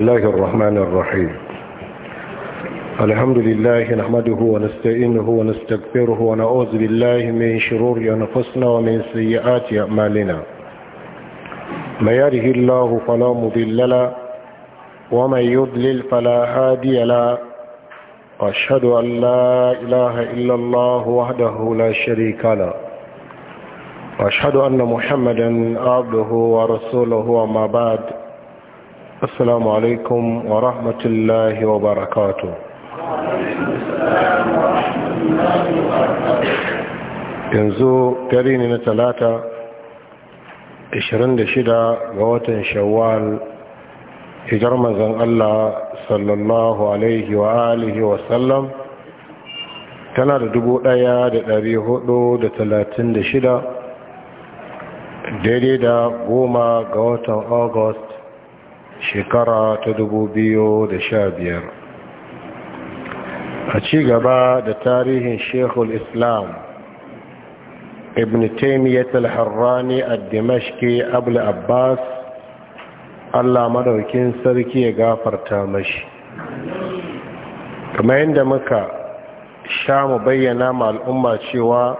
الله الرحمن الرحيم الحمد لله نحمده ونستعينه ونستغفره ونعوذ بالله من شرور أنفسنا ومن سيئات أعمالنا ما يره الله فلا مضل له ومن يضلل فلا هادي له وأشهد أن لا إله إلا الله وحده لا شريك له وأشهد أن محمدا عبده ورسوله وما بعد السلام عليكم ورحمة الله وبركاته yanzu dare ne na talata 26 ga watan shawwal hijar manzan Allah sallallahu alaihi wa wa sallam tana da dubu ɗaya da ɗari hudu da talatin da shida daidai da goma ga watan august shekara ta dubu biyu da sha biyar. a ci gaba da tarihin shekul islam ibn taimiyyat al-harrani al-dimashki abu abbas allah madaukin sarki ya gafarta mashi kamar yadda muka sha mu bayyana ma al'umma cewa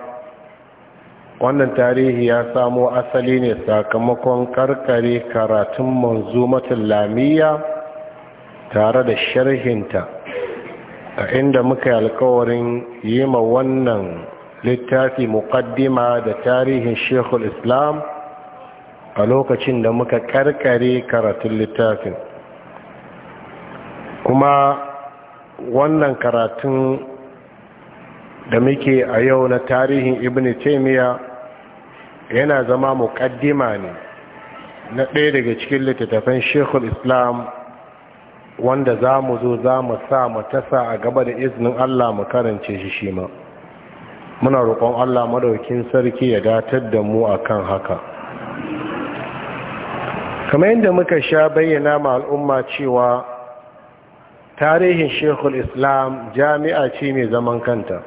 wannan tarihi ya samo asali ne sakamakon karkare karatun manzumatul lamiya tare da sharhinta a inda muka yi alkawarin yi ma wannan littafi muqaddima da tarihin shekul islam a lokacin da muka karkare karatun littafin kuma wannan karatun da muke a yau na tarihin ibn taimiyya yana zama muƙaddima ne na ɗaya daga cikin littattafan shekul islam wanda za mu zo za mu sa mu tasa a gaba da izinin allah mu karance shi shi ma muna roƙon allah madaukin sarki ya datar da mu akan haka kamar yadda muka sha bayyana ma al'umma cewa tarihin shekul islam jami'a ce mai zaman kanta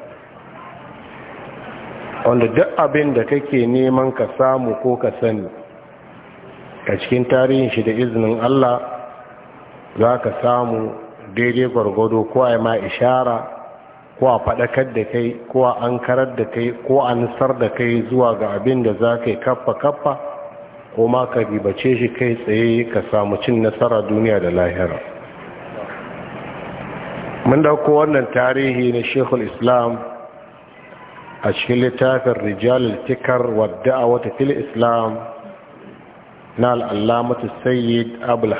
wanda duk abin da kake neman ka samu ko ka sani a cikin tarihin shi da izinin Allah za ka samu daidai gwargwado ko a ma ishara ko a faɗakar da kai ko a an karar da kai ko a nisar da kai zuwa ga abin da za ka yi kaffa-kaffa ko ma ka ribace shi kai tsaye ka samu cin nasara duniya da lahira mun dauko wannan tarihi na shekul islam a cikin littafin rijal tikar wadda a wata fil islam na al'allamatu sayyid abul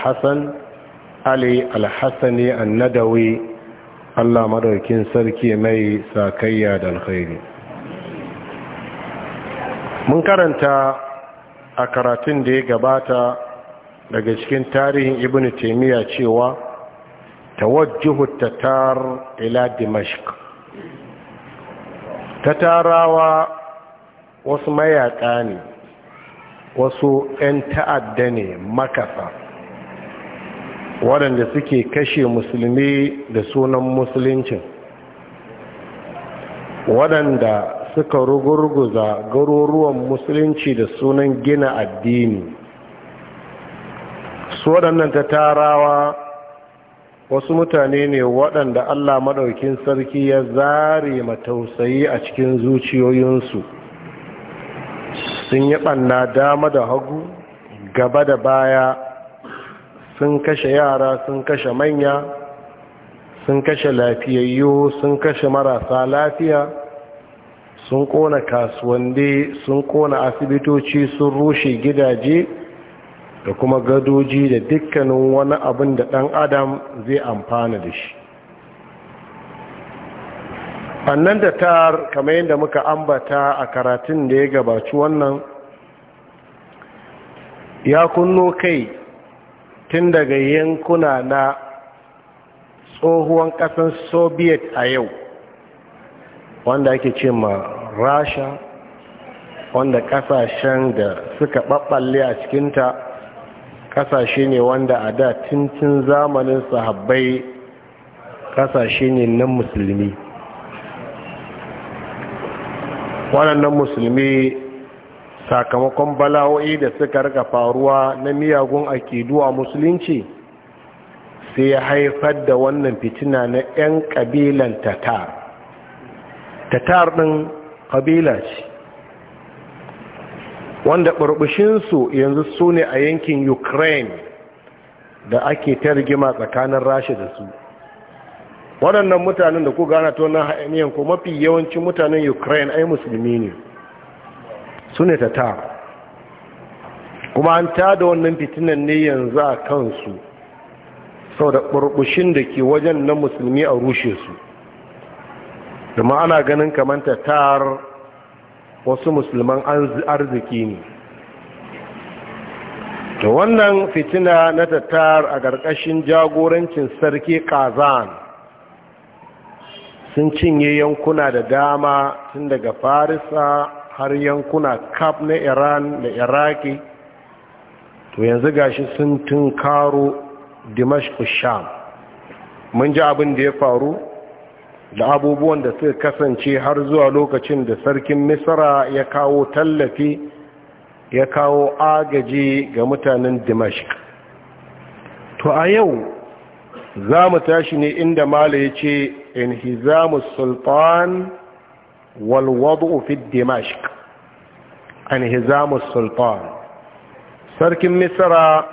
ali alhassani annadawi allah madaukin sarki mai sakayya da alkhairi mun karanta a karatun da ya gabata daga cikin tarihin ibn taimiyya cewa tawajjuhu tatar ila dimashq ta tarawa wasu mayaƙa ne wasu 'yan ta'adda ne makasa waɗanda suke kashe musulmi da sunan musuluncin waɗanda suka rugurguza garuruwan musulunci da sunan gina addini su waɗannan ta tarawa wasu mutane ne waɗanda Allah maɗaukin sarki ya zare matausayi a cikin zuciyoyinsu sun yi ɓanna dama da hagu gaba da baya sun kashe yara sun kashe manya sun kashe lafiyayyo sun kashe marasa lafiya sun ƙona kasuwan sun ƙona asibitoci sun rushe gidaje da kuma gadoji da dukkanin wani abin da ɗan adam zai amfana da shi annan da ta kamar yadda muka ambata a karatun da ya gabaci wannan ya kunno kai tun daga yankuna na tsohuwan ƙasar soviet a yau wanda ake ce ma rasha wanda ƙasashen da suka ɓaɓɓalle a cikinta kasashe ne wanda a da tuntun zamanin sahabbai kasashe ne na musulmi waɗannan musulmi sakamakon bala'o'i da suka rika faruwa na miyagun akidu a musulunci sai ya haifar da wannan fitina na 'yan ƙabilan tatar tatar ɗin ƙabila ce wanda ɓarɓushinsu yanzu su ne a yankin ukraine da ake ta rigima tsakanin rasha da su waɗannan mutanen da ku gana ta wannan hainiyan ko mafi yawancin mutanen ukraine ai musulmi ne su ne ta kuma an da wannan fitinan ne yanzu a kansu sau da ɓarɓushin da ke wajen na musulmi a rushe su domin ana ganin kamar tatar wasu musulman arziki ne da wannan fitina na tattar a ƙarƙashin jagorancin sarki kazan sun cinye yankuna da dama tun daga farisa har yankuna kaf na iran da iraki to yanzu gashi sun karo dimashq sham mun ji abin da ya faru da abubuwan da suka kasance har zuwa lokacin da sarkin misra ya kawo tallafi ya kawo agaji ga mutanen dimashik to a yau za mu tashi ne inda mala ya ce hizamu sultan walwadu fi dimashik hizamu sultan sarkin misra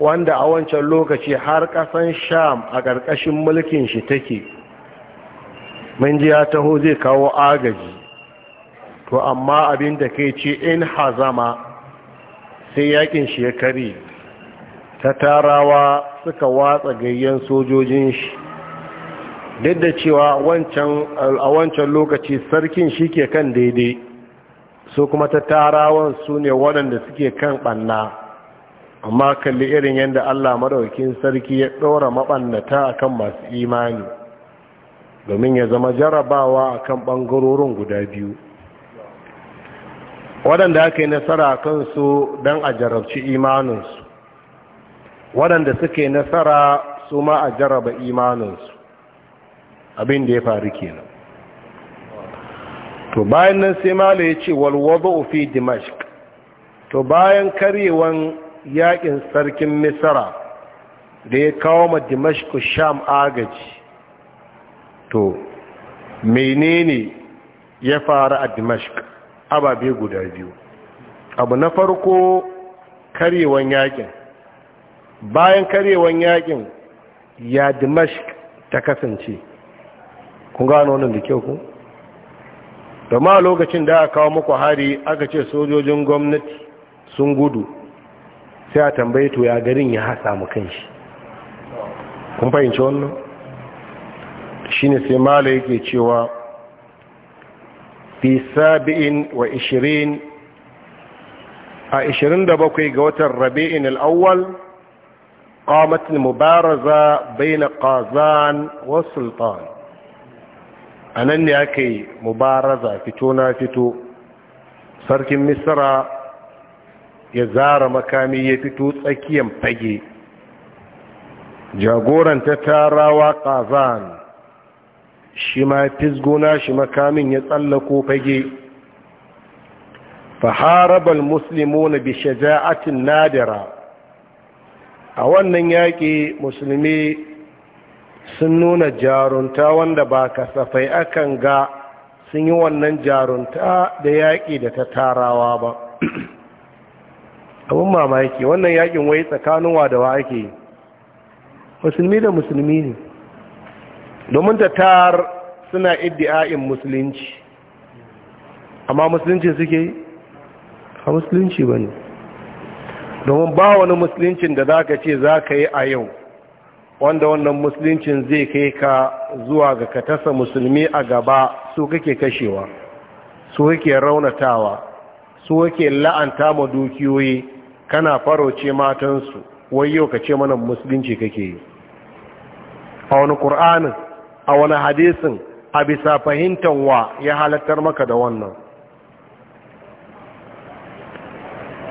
wanda a wancan lokaci har kasan sham a ƙarƙashin mulkin shi take mun ji ya taho zai kawo agaji to amma abin da kai ce in hazama sai yakin shi ya karye. ta tarawa suka watsa gayyan sojojin shi duk da cewa a wancan lokaci sarkin shi ke kan daidai su kuma ta tarawan su ne waɗanda suke kan ɓanna amma kalli irin yadda allah maɗaukin sarki ya ɗora maɓannata akan masu imani domin ya zama jarabawa kan ɓangarorin guda biyu waɗanda aka yi nasara a kansu don a jarabci imaninsu waɗanda suke nasara su ma a jaraba imaninsu abin da ya faru kenan to bayan nan sai mala ya ce walwado ofi dimashik to bayan karyewan yakin sarkin Misira da ya kawo ma dimashik sham agaji to menene ya faru a dimashq ababe guda biyu abu na farko karewan yakin bayan karewan yakin ya dimashq ta kasance kun gano wannan da kyau ku domin a lokacin da aka kawo muku hari aka ce sojojin gwamnati sun gudu sai a tambaye to ya garin ya hasa mu kanshi kun fahimci wannan shi ne sai mala yake cewa fi sabi'in wa ishirin a ishirin da bakwai ga watan rabi'in al'awwal kamatin mubaraza baina kazan wa sultan a nan ne aka yi mubaraza fito na fito sarkin misra ya zara makami ya fito tsakiyan fage jagoranta tarawa kazan shi ma fisgona shi makamin ya tsallako fage faharabal muslimuna bi shaja'atin nadira a wannan yaƙi musulmi sun nuna jarunta wanda ba kasafai akan ga sun yi wannan jarunta da yaƙi da ta tarawa ba abin mamaki wannan yaƙin wai tsakanin wadawa ake musulmi da musulmi ne domin ta tar suna iddi'a'in musulunci amma musulunci suke a musulunci ba ne domin ba wani musuluncin da za ka ce za ka yi a yau wanda wannan musuluncin zai kai ka zuwa ga katasa musulmi a gaba su kake kashewa su kake raunatawa su kake la'anta ma dukiyoyi kana faroce matansu wai yau ka ce mana musulunci kake yi a wani ƙur'anin a wani hadisin a bisa fahimtar wa ya halattar maka da wannan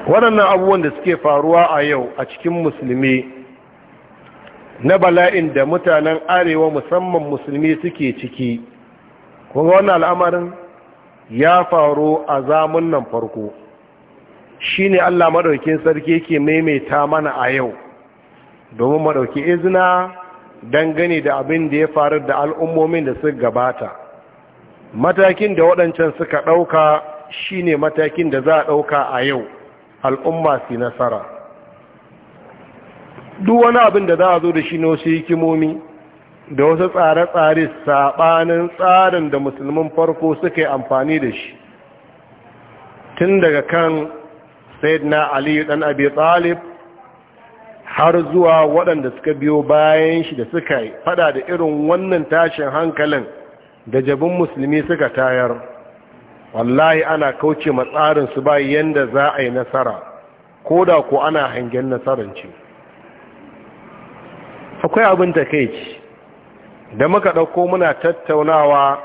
waɗannan abubuwan da suke faruwa a yau a cikin musulmi na bala'in da mutanen arewa musamman musulmi suke ciki kuma wani al'amarin ya faru a zamun nan farko shi ne allah maɗaukin sarki ke maimaita mana a yau domin maɗauki izina dangane da abin da ya faru da al'ummomin da su gabata matakin da waɗancan suka ɗauka shine matakin da za a ɗauka a yau al'umma su nasara duk wani abin da za a zo da shi wasu hikimomi da wasu tsare-tsare saɓanin tsarin da musulmin farko suka yi amfani da shi tun daga kan sayyidina aliyu ɗan abi talib har zuwa waɗanda suka biyo bayan shi da suka yi fada da irin wannan tashin hankalin da jabin musulmi suka tayar wallahi ana kauce su ba yadda za a yi nasara ko da ko ana hangen nasarar ce akwai abin ta kai ci da muka ɗauko muna tattaunawa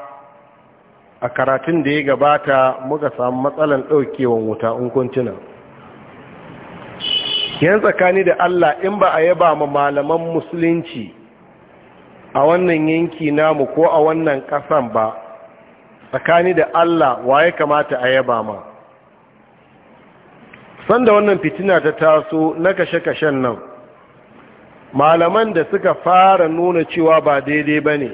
a karatun da ya gabata muka samu matsalan ɗaukewan wuta in kuntuna Kiyan tsakani da Allah in ba a yaba ma malaman musulunci a wannan yanki namu ko a wannan ƙasan ba tsakani da Allah wa ya kamata a yaba ma sanda wannan fitina ta taso na kashe-kashen nan malaman da suka fara nuna cewa ba daidai ba ne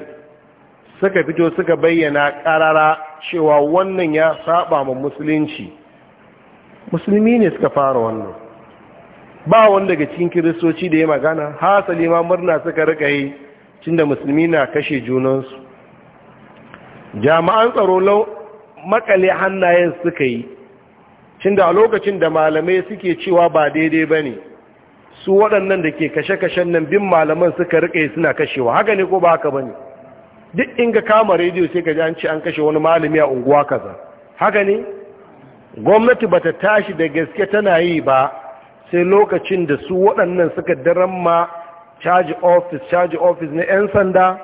suka fito suka bayyana karara cewa wannan ya saba ma musulunci musulmi ne suka fara wannan ba wani daga cikin kiristoci da ya magana hasali ma murna suka rika yi cinda musulmi na kashe junansu jami'an tsaro lau makale hannayen suka yi cinda a lokacin da malamai suke cewa ba daidai ba ne su waɗannan da ke kashe-kashen nan bin malaman suka rika yi suna kashewa haka ne ko ba haka ba ne duk in ga kama rediyo sai ka ji an ce an kashe wani malami a unguwa kaza haka ne gwamnati ba ta tashi da gaske tana yi ba sai lokacin da su waɗannan suka ma charge office charge office na 'yan sanda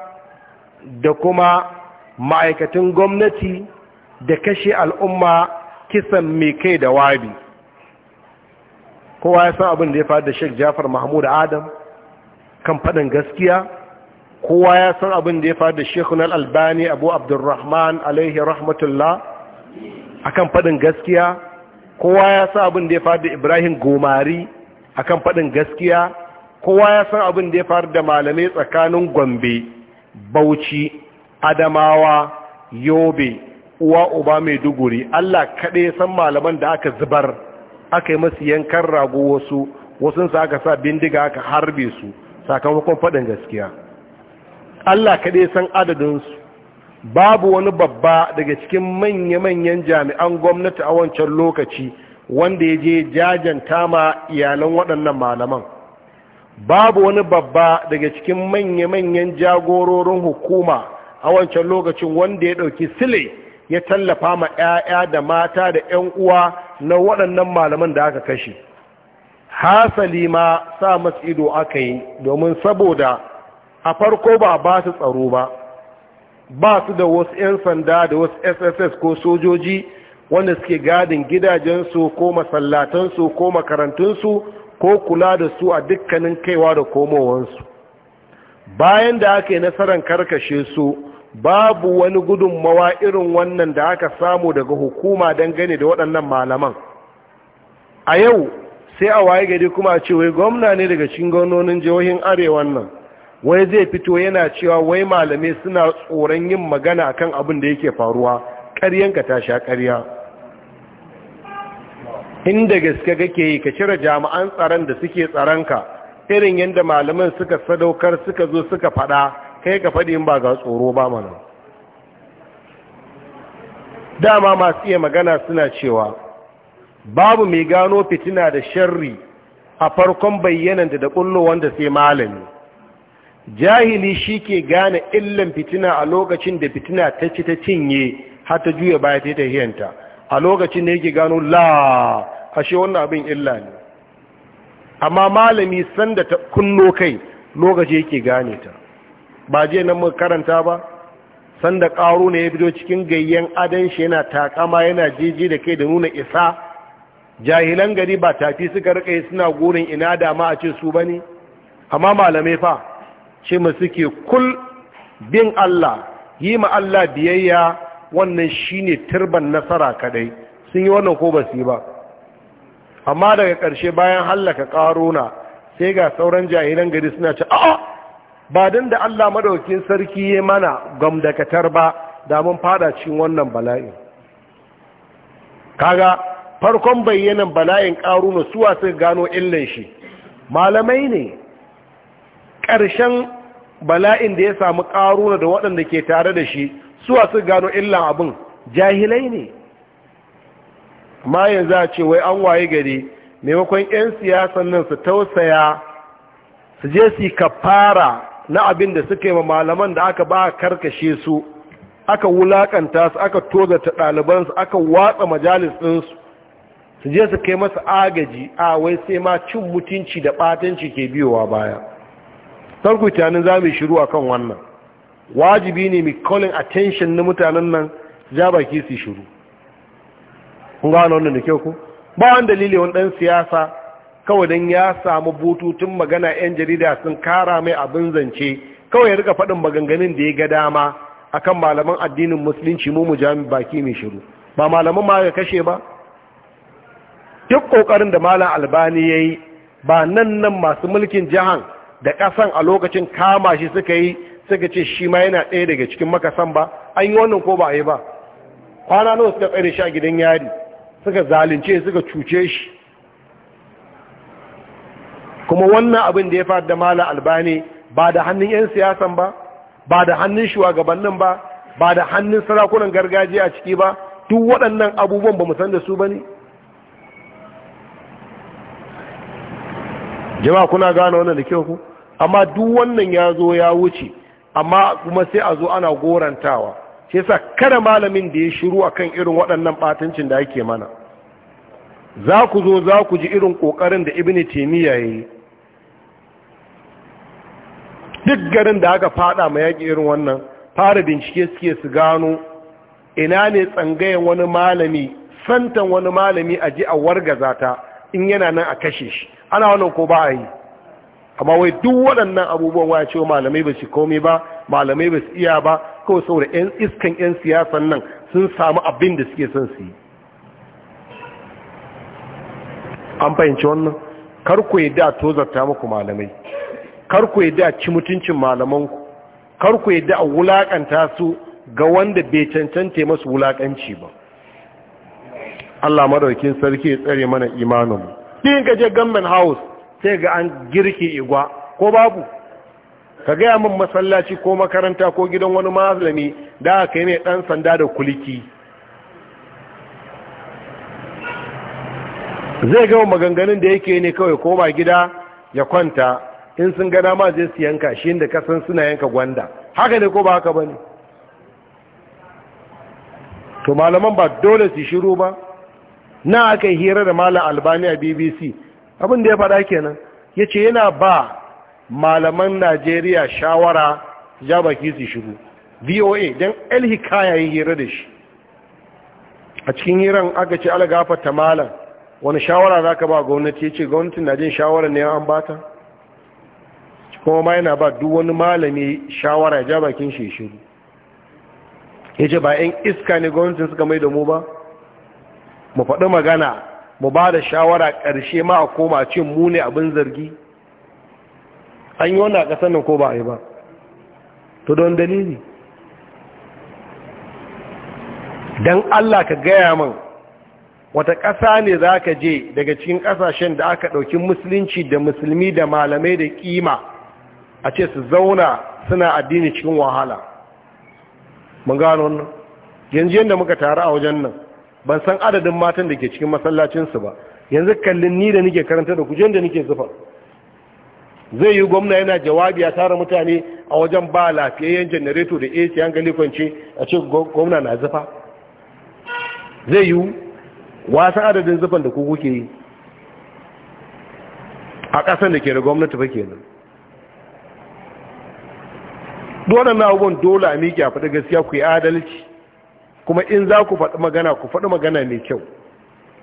da kuma ma'aikatan gwamnati da kashe al'umma kisan mai kai da wabi kowa ya san abin da ya faru da sheik jafar mahmud adam kan faɗin gaskiya kowa ya san abin da ya faru da hunar albani abu abdulrahman alaihi rahmatullah a kan faɗin gaskiya kowa ya san abin da ya faru da ibrahim gomari akan faɗin gaskiya kowa ya san abin da ya faru da malamai tsakanin gombe bauchi adamawa yobe uwa uba mai duguri allah kaɗai san malaman da aka zubar aka yi masu yankan rago wasu wasu sa aka sa bindiga aka harbe su sakamakon faɗin gaskiya allah kaɗai san adadinsu babu wani babba daga cikin manya-manyan jami'an gwamnati a wancan lokaci wanda ya je jajanta ma iyalan waɗannan malaman babu wani babba daga cikin manya-manyan jagororin hukuma a wancan lokacin wanda ya ɗauki sile ya tallafa ma 'ya'ya da mata da 'yan uwa na waɗannan malaman da aka kashe hasali ma sa masu ido aka yi domin saboda a farko ba ba su tsaro ba ba su da wasu 'yan sanda da wasu sss ko sojoji wanda suke gadin gidajensu ko masallatansu ko makarantunsu ko kula da su a dukkanin kaiwa da komowansu bayan da aka yi nasarar karkashe su babu wani gudunmawa irin wannan da aka samu daga hukuma dangane da waɗannan malaman a yau sai a waye gari kuma a gwamna ne daga cikin gwamnonin jihohin arewa nan wai zai fito yana cewa wai malamai suna tsoron yin magana akan abin da yake faruwa ƙaryanka ta sha ƙarya inda gaske kake yi ka cire jami'an tsaron da suke tsaronka irin yadda malaman suka sadaukar suka zo suka faɗa kai ka faɗi in ba ga tsoro ba mana dama masu iya magana suna cewa babu mai gano fitina da sharri a farkon bayyananta da kullo wanda sai malami jahili shi ke gane illan fitina a lokacin da fitina ta ci ta cinye har ta juya baya ta tahiyanta a lokacin da yake gano la ashe wannan abin illa ne amma malami sanda ta kunno kai lokaci yake gane ta ba je nan mu karanta ba sanda karo ne ya fito cikin gayyan adan shi yana takama yana jeje da kai da nuna isa jahilan gari ba tafi suka rika suna gurin ina dama a ce su bane amma malamai fa ce ma suke kul bin Allah yi ma Allah biyayya wannan shine turban nasara kadai sun yi wannan ko ba su yi ba amma daga ƙarshe bayan hallaka ƙaruna sai ga sauran jahilan gari suna ce a'a ba don da Allah madaukin sarki ya mana gamdakatar ba da mun fada cikin wannan bala'in kaga farkon bayyanan bala'in ƙaruna suwa suka gano illan shi malamai ne ƙarshen bala'in da ya samu ƙaruna da waɗanda ke tare da shi suwa su gano illan abin jahilai ne ma yanzu a ce wai an waye gari maimakon 'yan siyasan nan su tausaya su je su kafara na abin da suka yi ma malaman da aka ba karkashe su aka wulaƙanta su aka ta ɗalibansu aka watsa majalis ɗinsu su je su kai masa agaji a wai sai ma cin mutunci da ɓatanci ke biyowa baya tarku za mu yi shiru akan wannan wajibi ne mai calling attention na mutanen nan ja baki su shiru kun gano wannan da kyau ku ba wani dalili wani dan siyasa kawai don ya samu bututun magana 'yan jarida sun kara mai abin zance kawai ya rika faɗin maganganun da ya ga dama akan malaman addinin musulunci mu mu jami baki mai shiru ba malaman ma ga kashe ba duk ƙoƙarin da malam albani ya yi ba nan nan masu mulkin jihar da ƙasan a lokacin kama shi suka yi suka ce shi ma yana ɗaya daga cikin makasan ba an yi wannan ko ba a yi ba kwana nawa suka tsare shi a gidan yari suka zalunce suka cuce shi kuma wannan abin da ya fi da mala albani ba da hannun 'yan siyasan ba ba da hannun shugabannin ba ba da hannun sarakunan gargajiya a ciki ba duk waɗannan abubuwan ba mu san da su ba ne jama'a kuna gano wannan da kyau ku amma duk wannan ya zo ya wuce amma kuma sai a zo ana gorantawa shi yasa kada malamin da ya shiru akan irin waɗannan batancin da ake mana za ku zo za ku ji irin ƙoƙarin da ibn taymiya yayi duk garin da aka fada ma yaƙi irin wannan fara bincike suke su gano ina ne tsangayen wani malami santan wani malami a ji a wargaza ta in yana nan a kashe shi ana wannan ko ba a yi amma wai duk waɗannan abubuwan waya cewa malamai ba su komai ba malamai ba su iya ba kawai saboda yan iskan yan siyasan nan sun samu abin da suke son su yi an fahimci wannan kar ku da tozarta muku malamai kar ku da ci mutuncin malamanku kar ku da a wulakanta su ga wanda bai cancanta masu wulakanci ba Allah madaukin sarki ya tsare mana imanin din gaje gamben house sai ga an girki igwa ko babu ka gaya min masallaci ko makaranta ko gidan wani mazlami da aka yi mai dan sanda da kuliki zai gama maganganun da yake ne kawai koma gida ya kwanta in sun gana ma zai su yanka shi inda kasan suna yanka gwanda haka ne ko ba haka ba ne to malaman ba dole su shiru ba na aka hira da malam albania a bbc abin da ya fada kenan ya ce yana ba malaman najeriya shawara ya baki su shigo voa don alhikaya yi hira da shi a cikin hiran aka ce algafa ta malam wani shawara za ka ba gwamnati ya ce gwamnatin na jin shawara ne an bata kuma ma yana ba duk wani malami shawara ya bakin shi shiru ya ce ba 'yan iska ne gwamnatin suka mai da mu ba mu faɗi magana mu ba da shawara ƙarshe ma a koma cin mu abin zargi an yi wani a ƙasar ko ba a yi ba to don dalili don allah ka gaya man wata ƙasa ne za ka je daga cikin ƙasashen da aka ɗauki musulunci da musulmi da malamai da ƙima a ce su zauna suna addini cikin wahala mun gano nan yanzu yadda muka taru a wajen nan ban san adadin matan da ke cikin masallacinsu ba yanzu kallin ni da nike karanta da kujen da nike zufa zai yi gwamna yana jawabi a tara mutane a wajen ba lafiyayyen janareto da ac an kwance a ce gwamna na zufa zai yi wasan adadin zufan da kuku ke yi a ƙasan da ke da gwamnati ba ke dole na abubuwan dole a miƙe a faɗi gaskiya ku yi adalci kuma in za ku faɗi magana ku faɗi magana mai kyau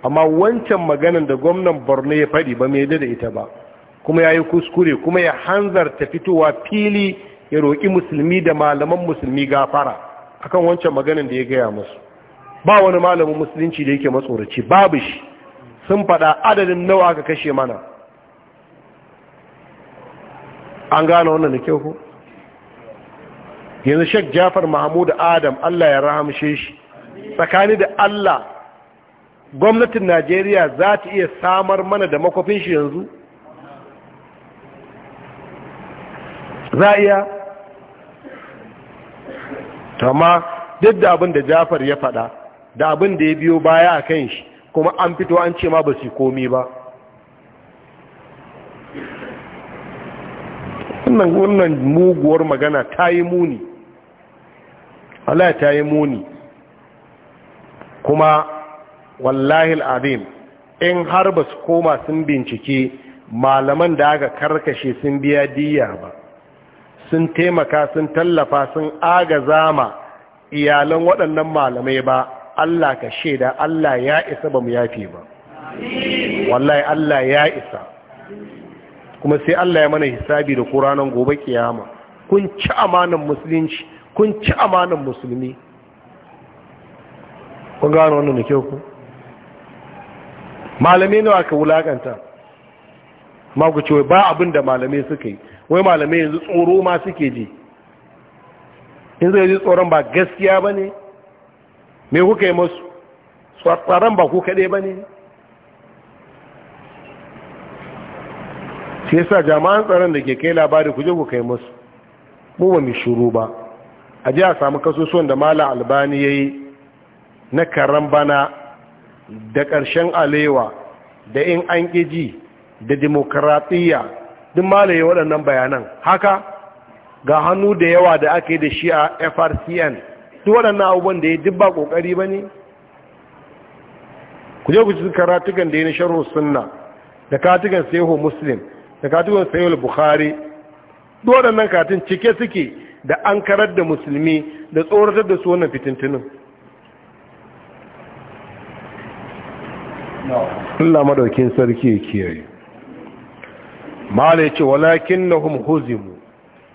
amma wancan maganan da gwamnan borno ya faɗi ba mai da ita ba kuma ya yi kuskure kuma ya hanzarta fitowa fili ya roƙi musulmi da malaman musulmi gafara akan wancan maganan da ya gaya masu. ba wani malamin musulunci da yake matsoraci babu shi sun faɗa adadin nawa aka kashe mana an gane wannan da kyau ko yanzu shek jafar mahamudu adam allah ya rahamshe shi tsakani da allah gwamnatin najeriya za ta iya samar mana da makwafin shi yanzu za iya tamma duk da abin da jafar ya fada da abin da ya biyo baya a kan shi kuma an fito an ce ma ba su komi ba wannan muguwar magana ta yi muni Allah ta yi muni kuma wallahi al'adim in har ba su koma sun bincike malaman da aka karkashe sun biya diya ba sun taimaka sun tallafa sun aga zama iyalan waɗannan malamai ba Allah ka shaida Allah ya isa ba mu yafe ba wallahi Allah ya isa kuma sai Allah ya mana hisabi da ƙuranan gobe kiyama kun ci amanan musulunci kun ci amanan musulmi kun gano wannan da kyau ku malamai nawa ka wulaƙanta? ma ku ce ba abin da malamai suka yi wai malamai yanzu tsoro ma suke ji in zai ji tsoron ba gaskiya ba ne me kuka yi masu tsoron ba ku kaɗai ba ne sai sa jama'an tsaron da ke kai labari ku je ku kai masu mu ba mu shuru ba a ji a samu kasusuwan da mala albani ya yi na karan bana da ƙarshen alewa da in an ƙiji da demokaratiyya duk ya waɗannan bayanan haka ga hannu da yawa da ake da shi a frcn duk waɗannan abubuwan da ya duk ba ƙoƙari ba ne ku je ku ci karatukan da ya na sunna da katukan sayo muslim da katukan sayo bukhari duk waɗannan katin cike suke da an karar da musulmi da tsoratar da su wannan fitintunin Allah madaukin sarki ya kiyaye ce yace na huzimu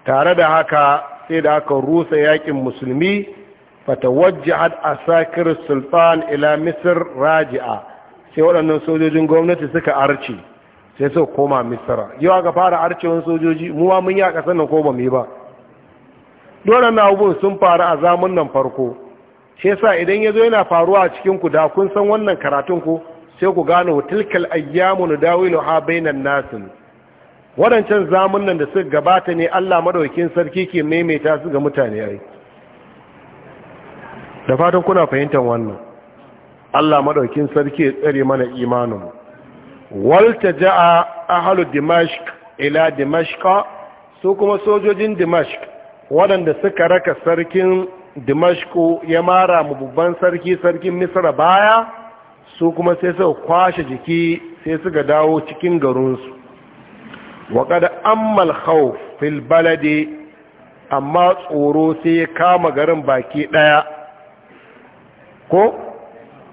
tare da haka sai da aka rusa yakin musulmi had a sakir sultan ila misir raji'a sai waɗannan sojojin gwamnati suka arce sai suka koma Misira. yau aka fara arcewan sojoji mu mun yi a ƙasar na ko ba mu ba dole na abubuwan sun faru a zamun nan farko shi yasa idan ya zo yana faruwa a cikin ku da kun san wannan karatun ku sai ku gano tilkal ayyamu dawilu ha bainan nasin Wadancan zamun nan da suka gabata ne Allah madaukakin sarki ke maimaita su ga mutane ai da fatan kuna fahimtar wannan Allah madaukakin sarki ya tsare mana imanin walta ja'a ahlu dimashq ila dimashqa su kuma sojojin dimashq waɗanda suka raka sarkin dimashku ya mara babban sarki sarkin misra baya su kuma sai suka kwashe jiki sai suka dawo cikin garinsu waƙada ammal khawf fil balade amma tsoro sai ya kama garin baki ɗaya ko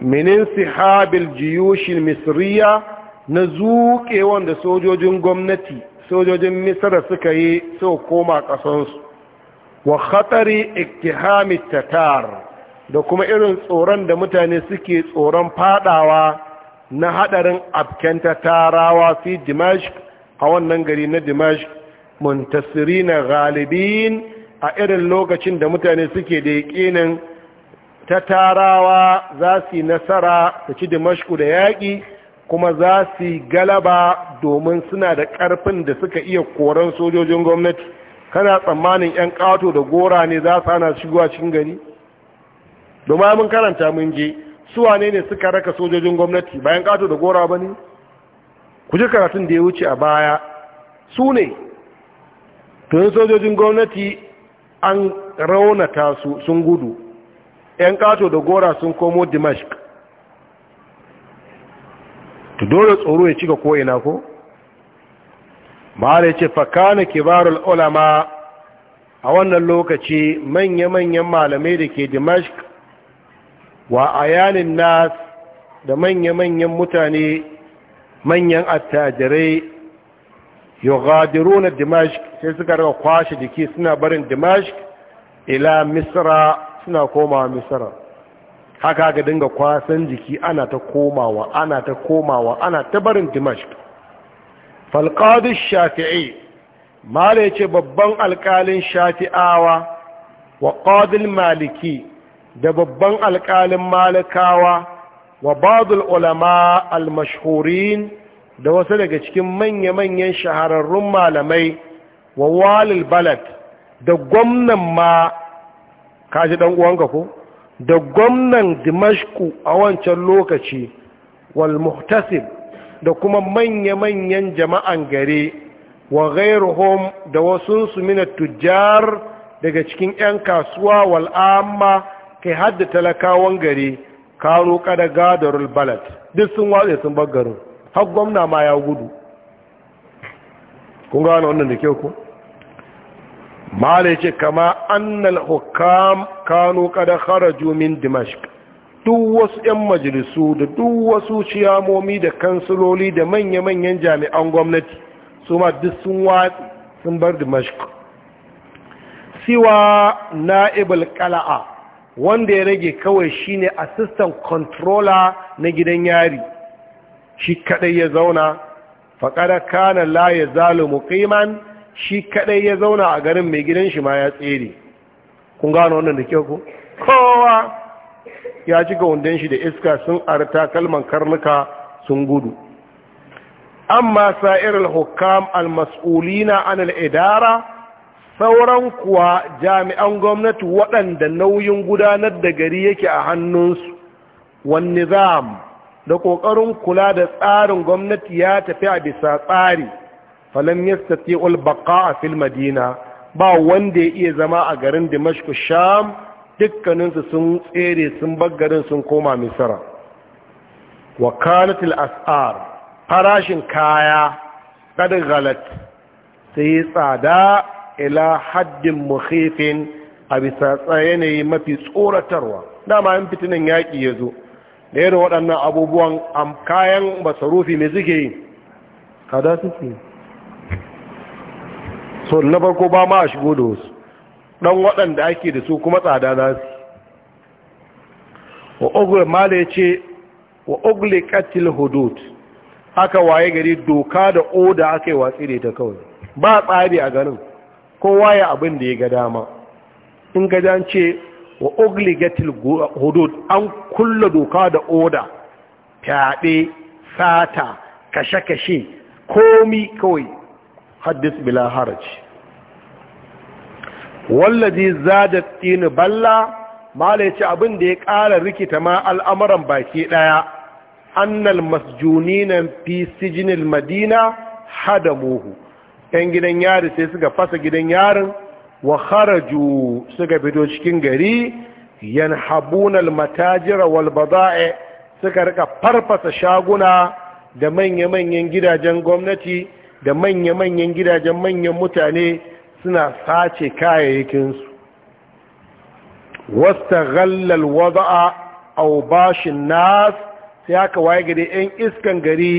minin sihabil jiyushin misriya na zuƙe wanda sojojin gwamnati sojojin misra suka yi suka koma ƙasansu wa khatari iktihami tatar da kuma irin tsoron da mutane suke tsoron fadawa na hadarin afken tatarawa fi dimashq a wannan gari na dimashq muntasirina galibin a irin lokacin da mutane suke da yakinin tatarawa za su nasara da ci dimashku da yaki kuma za su galaba domin suna da ƙarfin da suka iya koran sojojin gwamnati kana tsammanin 'yan ƙato da gora ne za su hana shigowa cikin gari domin mun karanta mun je suwa ne ne suka raka sojojin gwamnati bayan ƙato da gora ba ne ku ji karatun da ya wuce a baya su ne tun sojojin gwamnati an raunata su sun gudu 'yan ƙato da gora sun komo dimashq Tu dole tsoro ya cika ko'ina ko mara ce fakana kibarul ulama a wannan lokaci manya-manyan malamai da ke dimashk wa ayanin nas da manya-manyan mutane manyan attajirai yughadiru na dimashk sai suka raka kwashe jiki suna barin dimashk ila misra suna komawa misra haka ga dinga kwasan jiki ana ta komawa ana ta komawa ana ta barin dimashk falƙadun shafi'i mala ya ce babban alkalin shafi'awa wa ƙadil maliki da babban alƙalin malikawa wa badul ulama al da wasu daga cikin manya-manyan shahararrun malamai wa walil balad da gwamnan ma kaji ɗan uwanka ko da gwamnan dimashku a wancan lokaci wal muhtasib da kuma manya-manyan jama'an gare wa ghairuhum da wasunsu mina tujjar daga cikin 'yan kasuwa wal'amma kai hadda talakawan gare karo kada gadarul balad duk sun watsa sun bagarin har gwamna ma ya gudu kun gano wannan da kyau ku ya ce kama annal hukam kano kada kharaju min duk wasu 'yan majalisu da duk wasu ciyamomi da kansiloli da manya-manyan jami'an gwamnati su ma duk sun watsi sun bar mashiku. siwa na'ibul kala'a wanda ya rage kawai shine assistant controller na gidan yari shi kadai ya zauna faƙada kanan laye ya zalo shi kaɗai ya zauna a garin mai gidan shi ma ya tsere kun gano wannan da kyau ko kowa ya cika wundon shi da iska sun arta kalman karnuka sun gudu amma sa'irar hukam almas'ulina an al'idara sauran kuwa jami'an gwamnati waɗanda nauyin gudanar da gari yake a hannunsu wani zam da ƙoƙarin kula da tsarin gwamnati ya tafi a bisa tsari falon yastati ulbaka a fil madina ba wanda ya iya zama a garin dimashku sham dukkaninsu sun tsere sun baggarin sun koma misira wakalatul as'ar farashin kaya kadin galat sai tsada ila haddin mukhifin a bisa yanayi mafi tsoratarwa dama yin fitinin yaƙi ya zo da irin waɗannan abubuwan kayan basarufi mai suke yi kada suke so na farko ba ma a shigo da wasu Don waɗanda ake da su kuma tsada za su wa ogul mala ce wa ogle katil hudud aka waye gari doka da oda aka yi watsi da ita kawai ba tsari a ganin kowa ya abin da ya ga dama in ga jan ce wa ogle katil hudud an kulla doka da oda fyaɗe sata kashe-kashe komi kawai haddis bila haraci wallazi zada tin balla mala yace abin da ya ƙara rikita ma al'amuran baki daya annal masjunina fi sijnil madina hadamuhu yan gidan yari sai suka fasa gidan yarin wa kharaju suka fito cikin gari yanhabunal matajira wal bada'i suka rika farfasa shaguna da manya-manyan gidajen gwamnati da manya-manyan gidajen manyan mutane suna sace kayayyakinsu wasta ghallal wada'a aw bashin nas sai aka waye gari 'yan iskan gari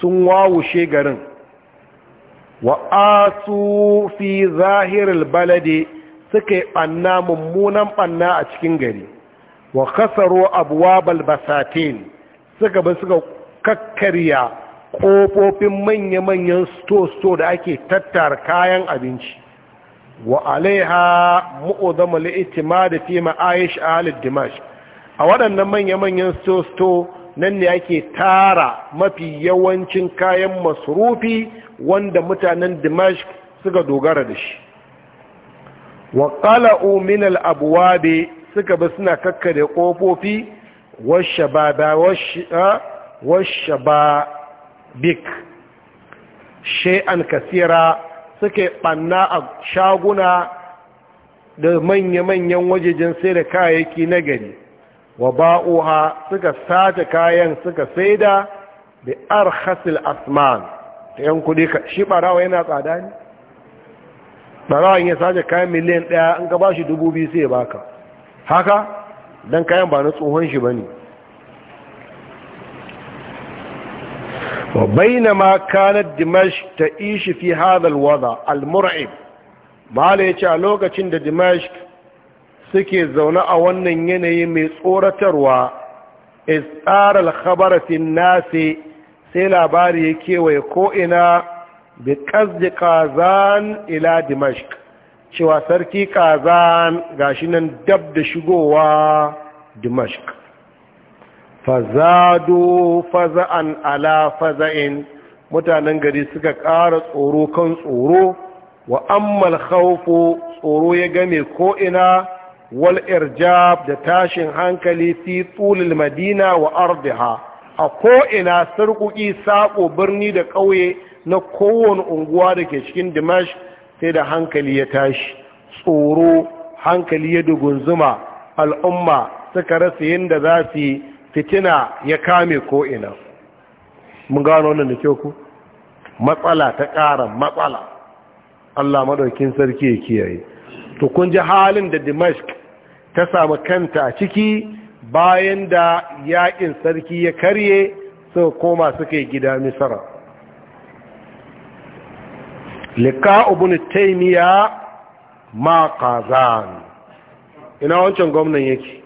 sun wawushe garin wa asu fi zahiril balade suka yi ɓanna mummunan ɓanna a cikin gari wa kasaro abuwabal basatin suka bi suka kakkarya ƙofofin manya-manyan sto-sto da ake tattara kayan abinci wa alaiha mu'udhamu li'timad fi ma'ayish ahli dimash a waɗannan manya-manyan sto-sto nan ne ake tara mafi yawancin kayan masrufi wanda mutanen dimash suka dogara da shi wa qala'u min suka bi suna kakkare kofofi washababa washababik shay'an kaseera suke ɓanna a shaguna da manya-manyan wajejen sai da kayayyaki na gari wa ba'uha suka sace kayan suka saida da hasil asman ta yan kudi shi barawa yana tsada ne barawa ya sace kayan miliyan ɗaya an ka ba shi dubu biyu sai baka haka don kayan ba na tsohon shi ba ne فبينما كانت دمشق تعيش في هذا الوضع المرعب ما عليه lokacin da دمشق suke zaune a wannan yanayi mai tsoratarwa isar al-khabar nasi sai labari yake waye ko ina bi qazdi ila dimashq cewa sarki qazan gashi nan dab da shigowa dimashq fazado faza'an ala faza'in mutanen gari suka ƙara tsoro kan tsoro wa ammal khawfu tsoro ya game ko'ina wal irjab da tashin hankali fi tulul madina wa ardiha a ko'ina sarkuki saƙo birni da ƙauye na kowane unguwa da ke cikin dimash sai da hankali ya tashi tsoro hankali ya dugunzuma al'umma suka rasa yadda za su yi fitina ya kame ko'ina mun gano wannan da kyau ku matsala ta ƙara matsala allah maɗaukin sarki ya kiyaye to kun ji halin da dimashq ta samu kanta a ciki bayan da yaƙin sarki ya karye sau koma suka yi gida misara lika ubin taimiya ma kazan ina wancan gwamnan yake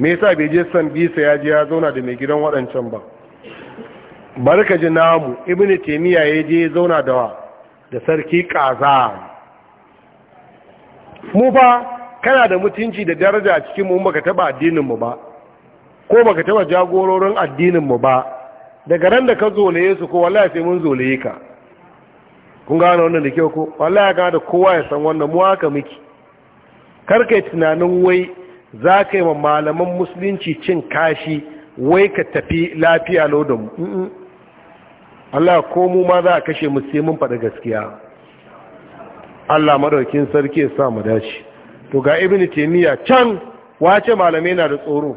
me yasa bai je san bisa ya je ya zauna da mai gidan waɗancan ba barka ji namu ibnu taymiya ya je zauna da wa, da sarki kaza mu fa kana da mutunci da daraja a cikin mu baka taba addinin mu ba ko baka taba jagororin addinin mu ba daga ran da ka zolaye su ko wallahi sai mun zolaye ka kun ga wannan da kyau ko wallahi ya da kowa ya san wannan mu haka miki karkai tunanin wai za ka yi wa malaman musulunci cin kashi wai ka tafi lafiya lodon Allah ko mu ma za a kashe mu sai mun gaskiya Allah maɗaukin sarki ya sa mu dace to ga ibini taymiya can wace malamai na da tsoro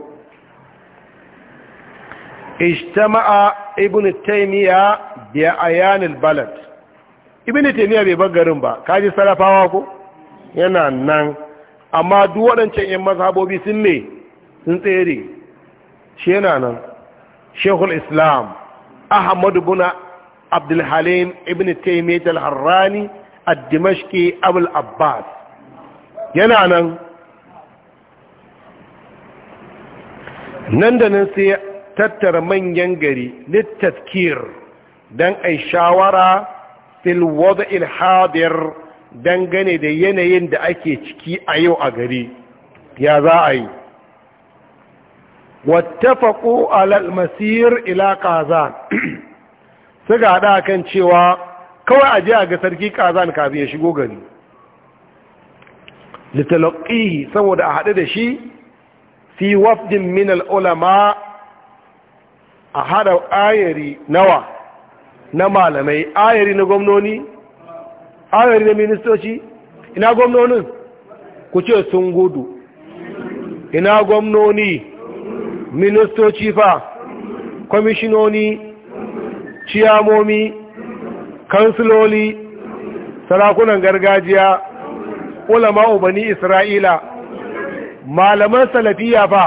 Ishtama'a ibnu taymiya bi ayanil balad ibnu taymiya bai bar garin ba kaji salafawa ko yana nan amma duk waɗancan 'yan mazhabobi sun ne sun tsere shi yana nan shekul islam ahmadu buna abdulhalim ibn taimiyat al-harrani ad abul abbas yana nan nan da nan sai tattara manyan gari littattakir don a shawara filwada ilhadiyar. dangane da yanayin da ake ciki a yau a gari ya za a yi wattafaƙo alalmasir ila ƙazan suka haɗa kan cewa kawai a jiya ga sarki ƙazan kafin ya shigo gari litalaƙihi saboda a haɗu da shi fi wafdin minal ulama a haɗa ayari nawa na malamai ayari na gwamnoni awari da ministoci ina gwamnonin ku ce sun gudu ina gwamnoni ministoci fa kwamishinoni ciyamomi kansiloli sarakunan gargajiya ulama ubani isra'ila malaman salafiya fa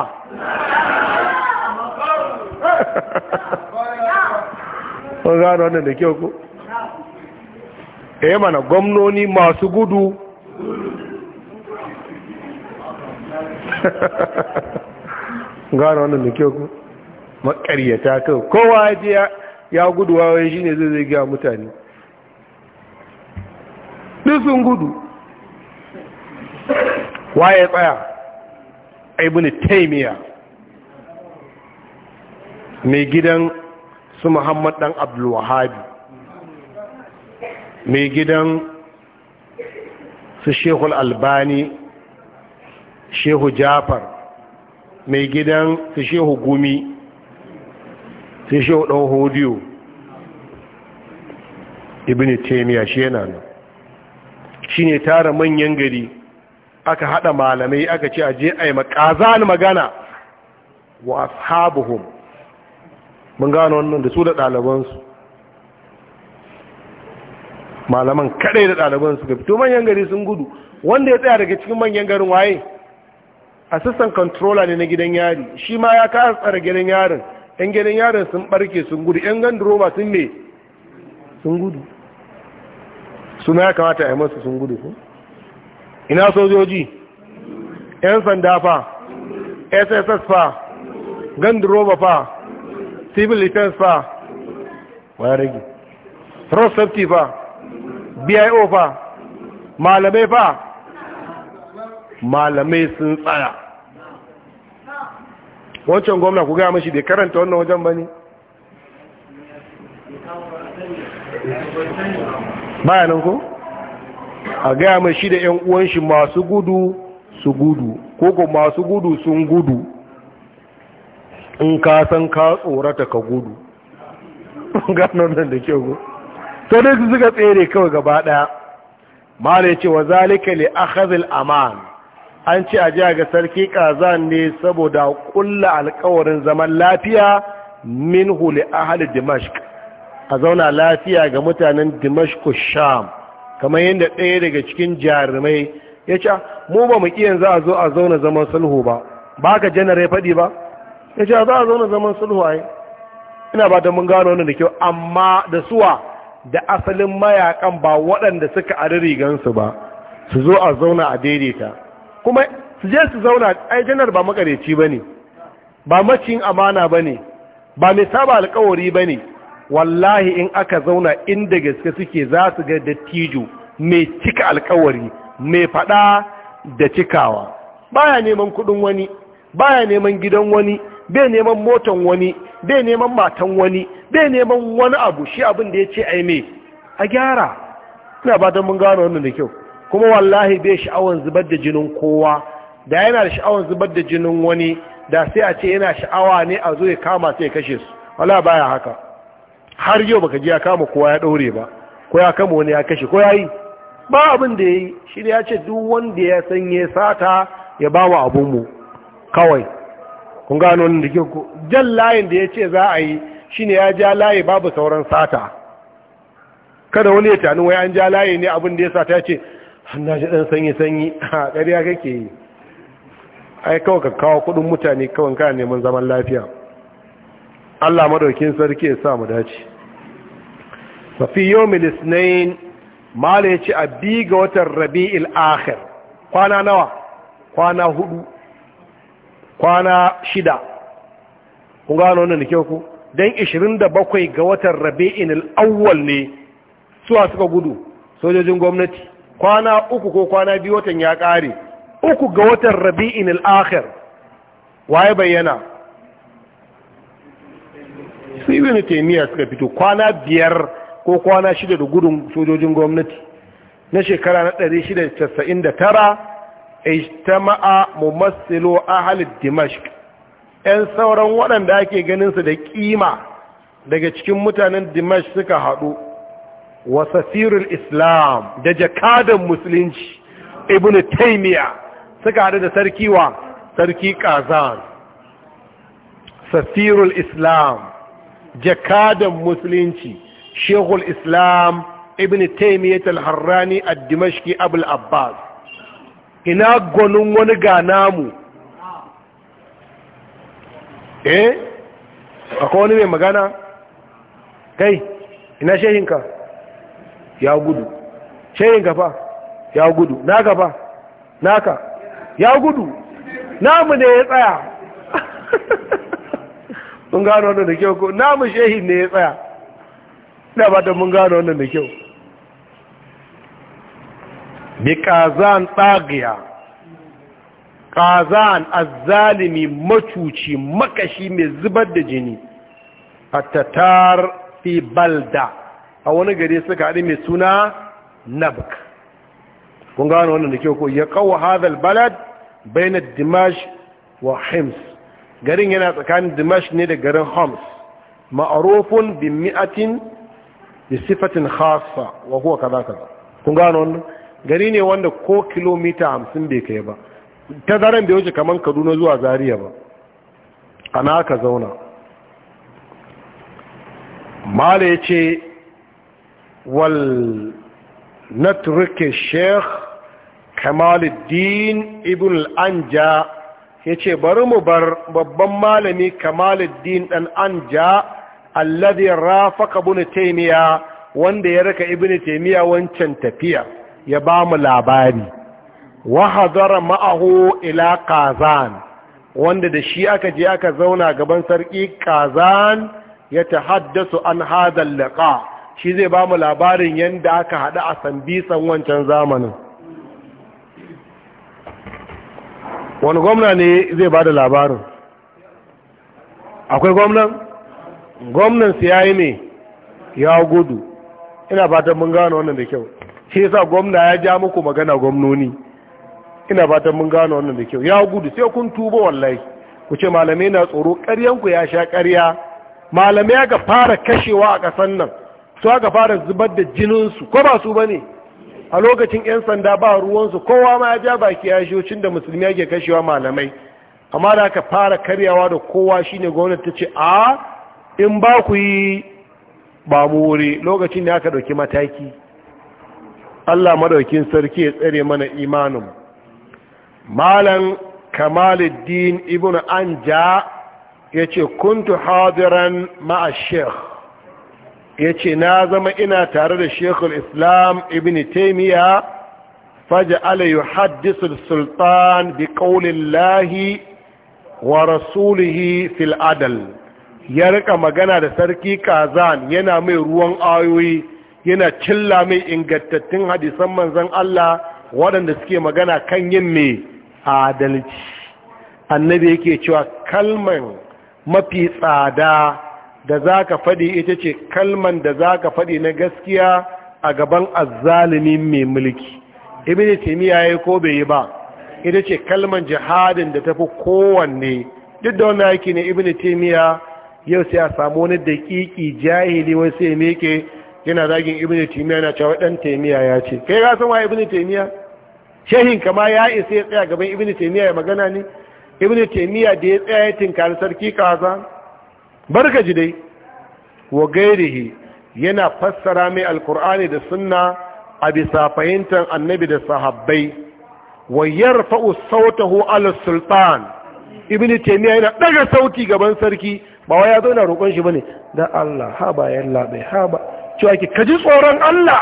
sun gano wannan da kyau ku E mana gwamnoni masu gudu gano wannan da kyau ku makaryata kawai kowa je ya gudu wawai shi ne zai zai gaya mutane duk sun gudu waye tsaya ibn taimiya mai gidan su muhammad dan abdulwahabi mai gidan su shehul albani shehu jafar mai gidan su shehu gumi su shehu ɗan hodiyo ibn taimiyya shi yana nan shi ne tara manyan gari aka haɗa malamai aka ce aje a yi makazan magana wa ashabuhum mun gano wannan da su da ɗalibansu malaman kadai da ɗaliban suka fito manyan gari sun gudu wanda ya tsaya daga cikin manyan garin waye assistant controller ne na gidan yari shi ma ya kasa tsara gidan yarin yan gidan yarin sun barke sun gudu yan roba sun ne sun gudu suna ya kamata a yi masu sun gudu ko ina sojoji yan sanda fa sss fa roba fa civil defense fa ya rage road safety fa bio fa malamai fa malamai sun tsaya wancan gwamna ku gaya mashi bai karanta wannan wajen ba ne bayanan ku a gaya mashi da 'yan uwanshi masu gudu su gudu koko masu gudu sun gudu in ka san ka tsorata ka gudu gano nan da kyau to dai su suka tsere kawai gaba ɗaya mala ya ce wa zalika li akhazil aman an ce a jiya ga sarki kazan ne saboda kulla alkawarin zaman lafiya minhu li ahli dimashq a zauna lafiya ga mutanen dimashq sham kamar yadda ɗaya daga cikin jarumai ya ce mu ba mu kiyan za a zo a zauna zaman sulhu ba ba ka janar ya faɗi ba ya ce za a zauna zaman sulhu yi ina ba ta mun gano wani da kyau amma da suwa da asalin mayakan ba waɗanda suka ari rigansu ba su zo a zauna a daidaita kuma su je su zauna ai janar ba makareci ba ne ba macin amana ba ne ba mai saba alkawari ba ne wallahi in aka zauna inda gaske suke za su ga dattijo mai cika alkawari mai faɗa da cikawa baya neman kuɗin wani baya neman gidan wani bai neman motan wani bai neman matan wani bai neman wani abu shi abin da ya ce yi mai a gyara ina ba mun gano wannan da kyau kuma wallahi bai sha'awar zubar da jinin kowa da yana da sha'awar zubar da jinin wani da sai a ce yana sha'awa ne a zo ya kama sai ya kashe su wala baya haka har yau baka ji ya kama kowa ya daure ba ko ya kama wani ya kashe ko ya yi ba abin da ya yi shi ya ce duk wanda ya sanye sata ya ba abun mu kawai kun gano wani da jan layin da ya ce za a yi shi ne ya ja layi babu sauran sata kada wani ya tani wai an ja layi ne abin da ya sata ya ce hannu shi ɗan sanyi-sanyi a ƙariya kake yi ai kawai ka kawo kuɗin mutane kawai kayan neman zaman lafiya allah madaukin sarki ya sa mu dace safi yau milisnain mala ya ce a bi ga watan rabi'il akhir kwana nawa kwana hudu kwana shida kun gano wannan da ku don 27 ga watan rabi'in al'awwal ne suwa suka gudu sojojin gwamnati kwana uku ko kwana biyu watan ya ƙare uku ga watan rabi'in al'akhir waye bayyana su yi taymiya suka fito kwana biyar ko kwana shida da gudun sojojin gwamnati na shekara na 699 ijtama'a mumassilu ahli dimashq ɗan sauran waɗanda ake ganin su da ƙima daga cikin mutanen dimashq suka haɗu wa safirul islam da jakadan musulunci Ibn taymiya suka haɗu da sarki wa sarki kazan safirul islam jakadan musulunci shehul islam ibn taymiyyat al-harrani ad-dimashqi abul abbas ina gonun wani ga namu eh akwai wani mai magana kai ina shehinka ya gudu shehinka fa ya gudu naka fa naka ya gudu namu ne ya tsaya mun gano wannan da kyau ko namu shehin ne ya tsaya ina ba ta mun gano wannan da kyau bi kazan tsagiya kazan azalimi macuci makashi mai zubar da jini a tatar fi balda a wani gari suka haɗu mai suna nabk kun gano wannan da ke ko ya kawo hadal balad bainar dimash wa hims garin yana tsakanin dimash ne da garin homs ma'arufun bi mi'atin bi sifatin khassa wa huwa kaza kaza kun gano wannan gari ne wanda ko kilomita hamsin bai kai ba zaren bai wuce kamar kaduna zuwa zariya ba a na aka zauna mala ya ce wal na turke sheikh kamaluddin ibn al'anja ya ce bari mu bar babban malami kamaluddin ɗan anja alladhi rafaka ibn taimiya wanda ya raka ibn taimiya wancan tafiya ya ba mu labari wa hadara ma'ahu ila kazan wanda da shi aka je aka zauna gaban sarki kazan ya tahaddasu an hadal liqa shi zai ba mu labarin yanda aka hada a sambisan wancan zamanin wani gwamna ne zai ba da labarin akwai gwamnan gwamnan siyayi ne ya gudu ina fatan mun gano wannan da kyau shi sa gwamna ya ja muku magana gwamnoni ina fatan mun gano wannan da kyau ya gudu sai kun tuba wallahi ku ce malamai na tsoro ƙaryanku ya sha ƙarya malamai aka fara kashewa a ƙasar nan su aka fara zubar da jininsu ko ba su ba ne a lokacin 'yan sanda ba ruwansu kowa ma ya ja baki ya shi da musulmi yake kashewa malamai amma da aka fara karyawa da kowa shine gwamnati ta ce a in ba ku yi ba mu wuri lokacin da aka ɗauki mataki Allah madaukin sarki ya tsare mana imanin malam kamaluddin ibn anja yace kuntu hadiran ma'a sheikh yace na zama ina tare da sheikhul islam ibn taymiya faj'ala yuhaddisu sultan bi wa rasulihi fil ya rika magana da sarki kazan yana mai ruwan ayoyi yana cilla mai ingantattun hadisan manzan Allah waɗanda suke magana kan yin mai adalci annabi yake cewa kalman mafi tsada da za ka faɗi ita ce kalman da za ka faɗi na gaskiya a gaban azalimin mai mulki ibini taimiyya ya yi ko bai yi ba ita ce kalman jihadin da tafi kowanne duk da wani aiki ne ibini taimiyya yau sai a samu wani daƙiƙi jahili wasu ya meke yana zagin ibn taymiya yana cewa dan taymiya ya ce kai ka san wa ibn taymiya shehin kama ya isa ya tsaya gaban ibn taymiya ya magana ne ibn taymiya da ya tsaya ya tinkari sarki kaza barka ji dai wa gairihi yana fassara mai alkur'ani da sunna a bisa fahimtar annabi da sahabbai wa yarfa'u sautahu ala sultan ibn taymiya yana daga sauti gaban sarki ba wai ya zauna roƙon shi bane da Allah ha ba yalla bai ha ba cewa ki kaji tsoron Allah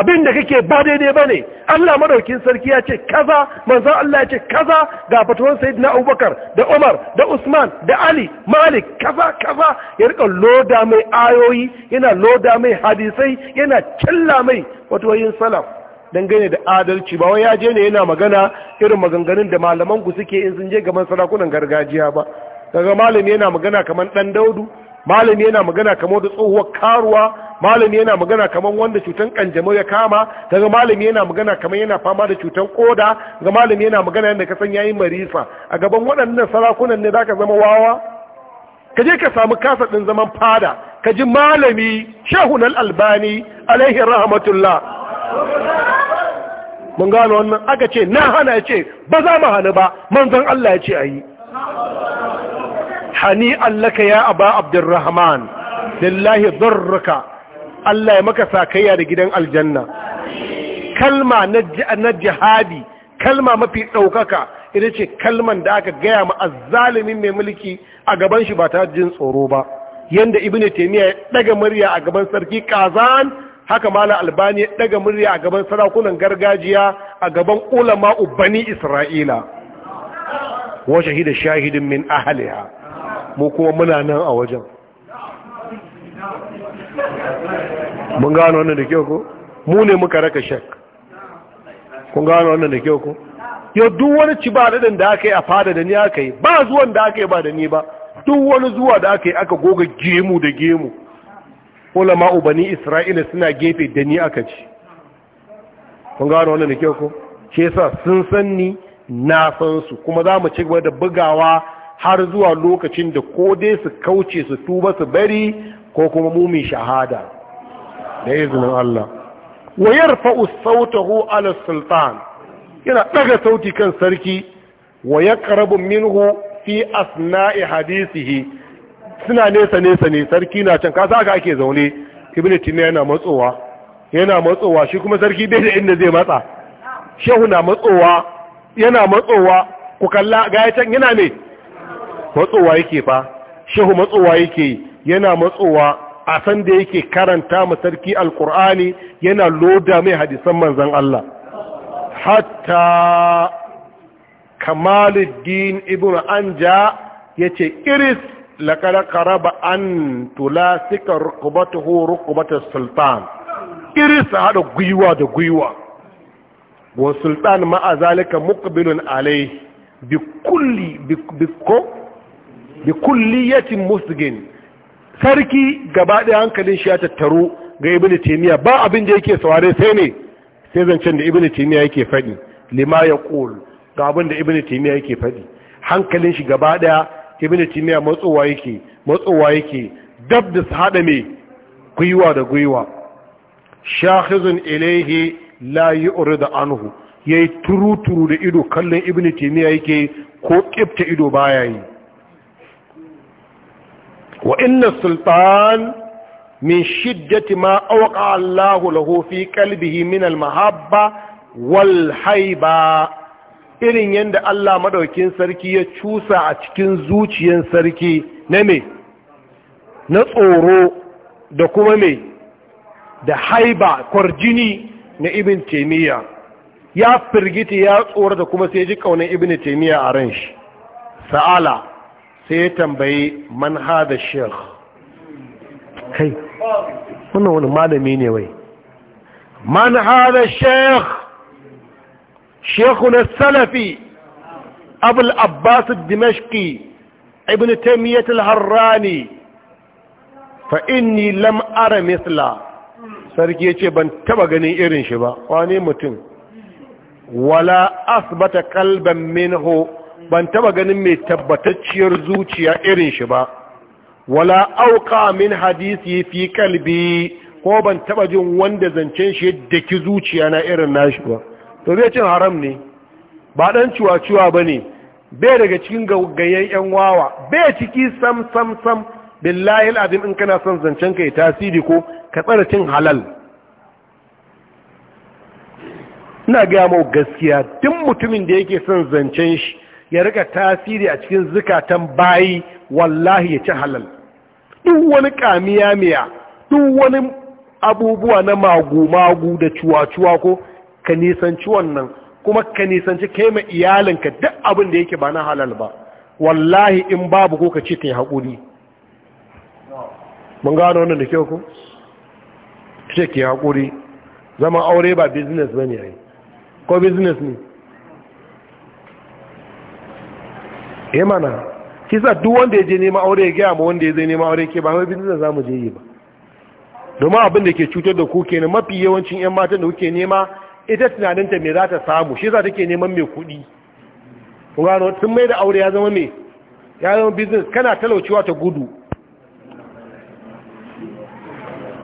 abin da kake ba daidai ba ne Allah madaukin sarki ya ce kaza manzan Allah ya ce kaza ga fatuwar sayid na abubakar da umar da usman da ali malik kaza kaza ya rika loda mai ayoyi yana loda mai hadisai yana cilla mai fatuwayin salaf dangane da adalci ba wai ya je ne yana magana irin maganganun da malaman suke in sun je gaban sarakunan gargajiya ba kaga malami yana magana kamar ɗan daudu malami yana magana kamar da tsohuwar karuwa malami yana magana kamar wanda cutar kanjamau ya kama daga malami yana magana kamar yana fama da cutar koda daga malami yana magana yadda ka san marisa a gaban waɗannan sarakunan ne zaka zama wawa ka je ka samu kasa ɗin zaman fada ka ji malami shehunal albani alaihi rahmatullah mun gano wannan aka ce na hana ce ba za mu hana ba manzon Allah ya ce ayi hani allaka ya aba abdurrahman lillahi darruka Allah ya maka sakayya da gidan aljanna kalma na jihadi kalma mafi ɗaukaka ita ce kalman da aka gaya ma azzalimin mai mulki a gaban shi ba ta jin tsoro ba yanda ibn taymiya ya daga murya a gaban sarki kazan haka mala albani ya daga murya a gaban sarakunan gargajiya a gaban ulama ubani isra'ila wa shahida shahidin min ahliha mu kuma muna nan a wajen mun gano wannan da kyau ko mu ne muka raka shek kun gano wannan da kyau ko yau duk wani ci ba da da aka yi a fada da ni aka yi ba zuwan da aka yi ba da ni ba duk wani zuwa da aka yi aka goga gemu da gemu ulama ubani isra'ila suna gefe da ni aka ci kun gano wannan da kyau ko shi yasa sun san ni na san su kuma za mu ci gaba da bugawa har zuwa lokacin da ko dai su kauce su tuba su bari ko kuma mumin shahada da izinin Allah wa yarfa'u sautahu ala sultan yana daga sauti kan sarki wa yaqrabu minhu fi asna'i hadisihi suna nesa nesa ne sarki na can kasa aka ake zaune ibn tina yana matsowa yana matsowa shi kuma sarki bai da inda zai matsa shehu na matsowa yana matsowa ku kalla ga can yana ne matsowa yake fa shehu matsowa yake yana matsowa a san da yake karanta mu sarki alkur'ani yana loda mai hadisan manzan Allah hatta kamaluddin ibn anja yace iris laqara qaraba an tulasika rukbatuhu rukbatus sultan iris hada guyuwa da guyuwa wa sultan ma'a zalika muqbilun alayhi bi kulli bi bi kulliyatin musgin sarki gaba ɗaya hankalin shi ya tattaro ga ibn taymiya ba abin da yake saware sai ne sai zancen da ibn taymiya yake faɗi lima ya qul ga abin da ibn taymiya yake faɗi hankalin shi gaba ɗaya ibn taymiya matsowa yake matsowa yake dab da hada me gwiwa da gwiwa shakhizun ilayhi la yu'rid anhu yayi turuturu da ido kallon ibn taymiya yake ko kifta ido baya yi wa inna sultan min shiddati ma auqa Allahu lahu fi qalbihi min mahabba wal haiba irin yanda Allah maɗaukin sarki ya cusa a cikin zuciyar sarki na me na tsoro da kuma me da haiba kwarjini na ibn taymiya ya firgita ya tsoro da kuma sai ji kaunar ibin taymiya a ran shi sa'ala sai ya tambayi man da sheikh kai wannan wani malami ne wai man hada sheikh sheikhun salafi abul abbas dimashqi ibn taymiyyah al-harrani fa inni lam ara mithla sarki yace ban taba ganin irin shi ba wane mutum wala asbata kalban minhu ban taba ganin mai tabbatacciyar zuciya irin shi ba wala auka min hadisi fi kalbi ko ban taba jin wanda zancen shi da ki zuciya na irin nashi ba to zai cin haram ne ba dan ciwa-ciwa bane. bai daga cikin gayayyen yan wawa bai ciki sam sam sam billahi alazim in kana son zancen ka ya tasiri ko ka tsara cin halal ina gaya mu gaskiya duk mutumin da yake son zancen shi ya rika tasiri a cikin zukatan bayi wallahi ya ci halal duk wani kamiya miya duk wani abubuwa na magu-magu da cuwa-cuwa ko ka nisanci wannan kuma ka nisanci kaima iyalinka duk abin da yake ba na halal ba wallahi in babu ko ka ce ta yi haƙuri mun gano wannan da kyau ku ce ke haƙuri zaman aure ba business ba ne ko business ne e mana kisa duk wanda ya je neman aure ya gaya ma wanda ya zai nema aure ke ba haifin da za mu je yi ba domin abin da ke cutar da ku kenan mafi yawancin yan matan da kuke nema ita tunaninta me za ta samu shi za take neman mai kuɗi gano sun mai da aure ya zama mai ya zama biznes kana talaucewa ta gudu